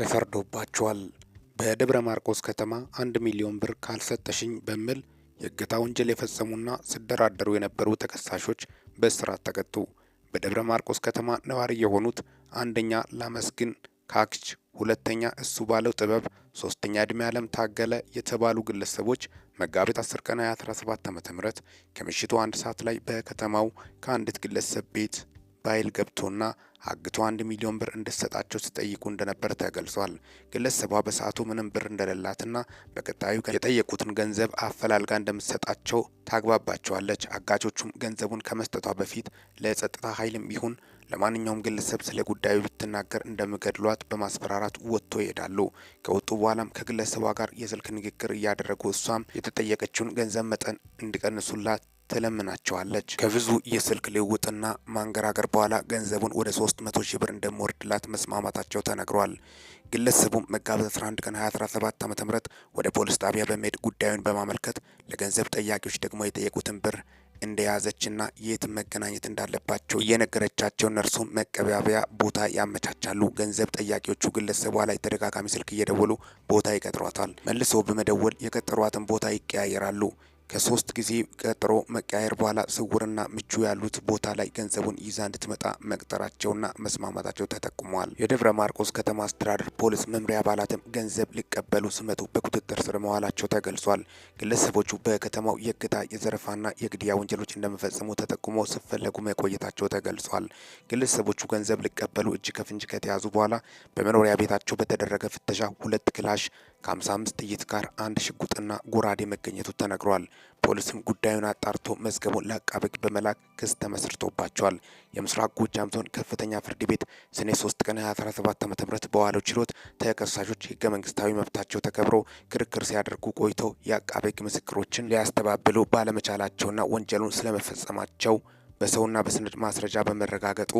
ተፈርዶባቸዋል። በደብረ ማርቆስ ከተማ አንድ ሚሊዮን ብር ካልሰጠሽኝ በሚል የእገታ ወንጀል የፈጸሙና ሲደራደሩ የነበሩ ተከሳሾች በእስራት ተቀጡ። በደብረ ማርቆስ ከተማ ነዋሪ የሆኑት አንደኛ ላመስግን ካክች፣ ሁለተኛ እሱ ባለው ጥበብ፣ ሶስተኛ እድሜ ዓለም ታገለ የተባሉ ግለሰቦች መጋቢት 10 ቀን 2017 ዓ.ም ከምሽቱ አንድ ሰዓት ላይ በከተማው ከአንዲት ግለሰብ ቤት በኃይል ገብቶና አግቶ አንድ ሚሊዮን ብር እንድትሰጣቸው ሲጠይቁ እንደነበር ተገልጿል። ግለሰቧ በሰዓቱ ምንም ብር እንደሌላትና በቀጣዩ ቀን የጠየቁትን ገንዘብ አፈላልጋ እንደምትሰጣቸው ታግባባቸዋለች። አጋቾቹም ገንዘቡን ከመስጠቷ በፊት ለጸጥታ ኃይልም ይሁን ለማንኛውም ግለሰብ ስለ ጉዳዩ ብትናገር እንደምገድሏት በማስፈራራት ወጥቶ ይሄዳሉ። ከወጡ በኋላም ከግለሰቧ ጋር የስልክ ንግግር እያደረጉ እሷም የተጠየቀችውን ገንዘብ መጠን እንዲቀንሱላት ትለምናቸዋለች። ከብዙ የስልክ ልውውጥና ማንገራገር በኋላ ገንዘቡን ወደ 300 ሺህ ብር እንደሚወርድላት መስማማታቸው ተነግሯል። ግለሰቡም መጋቢት 11 ቀን 2017 ዓ.ም ወደ ፖሊስ ጣቢያ በመሄድ ጉዳዩን በማመልከት ለገንዘብ ጠያቂዎች ደግሞ የጠየቁትን ብር እንደያዘችና የት መገናኘት እንዳለባቸው እየነገረቻቸው እነርሱም መቀባበያ ቦታ ያመቻቻሉ። ገንዘብ ጠያቂዎቹ ግለሰቧ ላይ ተደጋጋሚ ስልክ እየደወሉ ቦታ ይቀጥሯታል። መልሶ በመደወል የቀጠሯትን ቦታ ይቀያየራሉ። ከሶስት ጊዜ ቀጠሮ መቀያየር በኋላ ስውርና ምቹ ያሉት ቦታ ላይ ገንዘቡን ይዛ እንድትመጣ መቅጠራቸውና መስማማታቸው ተጠቁመዋል። የደብረ ማርቆስ ከተማ አስተዳደር ፖሊስ መምሪያ አባላትም ገንዘብ ሊቀበሉ ሲመጡ በቁጥጥር ስር መዋላቸው ተገልጿል። ግለሰቦቹ በከተማው የእገታ የዘረፋና የግድያ ወንጀሎች እንደመፈጸሙ ተጠቁመው ሲፈለጉ መቆየታቸው ተገልጿል። ግለሰቦቹ ገንዘብ ሊቀበሉ እጅ ከፍንጅ ከተያዙ በኋላ በመኖሪያ ቤታቸው በተደረገ ፍተሻ ሁለት ክላሽ ከ55 ጥይት ጋር አንድ ሽጉጥና ጎራዴ መገኘቱ ተነግሯል። ፖሊስም ጉዳዩን አጣርቶ መዝገቡን ለአቃቤ ሕግ በመላክ ክስ ተመስርቶባቸዋል። የምስራቅ ጎጃም ዞን ከፍተኛ ፍርድ ቤት ሰኔ 3 ቀን 2017 ዓ.ም በዋለው ችሎት ተከሳሾች ህገ መንግስታዊ መብታቸው ተከብሮ ክርክር ሲያደርጉ ቆይተው የአቃቤ ሕግ ምስክሮችን ሊያስተባብሉ ባለመቻላቸውና ወንጀሉን ስለመፈጸማቸው በሰውና በሰነድ ማስረጃ በመረጋገጡ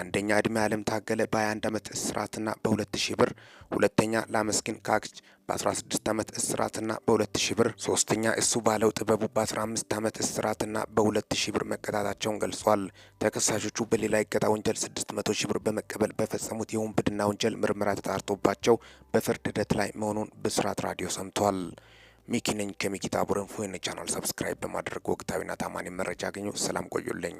አንደኛ እድሜ ዓለም ታገለ በ21 ዓመት እስራትና በ2000 ብር፣ ሁለተኛ ላመስኪን ካክች በ16 ዓመት እስራትና በ2000 ብር፣ ሶስተኛ እሱ ባለው ጥበቡ በ15 ዓመት እስራትና በ2000 ብር መቀጣታቸውን ገልጿል። ተከሳሾቹ በሌላ ይገጣ ወንጀል 600 ሺህ ብር በመቀበል በፈጸሙት የውንብድና ወንጀል ምርመራ ተጣርቶባቸው በፍርድ ሂደት ላይ መሆኑን ብስራት ራዲዮ ሰምቷል። ሚኪ ነኝ ከሚኪ ታቦረን ፎይነ ቻናል ሰብስክራይብ በማድረግ ወቅታዊና ታማኝ መረጃ አገኙ። ሰላም ቆዩልኝ።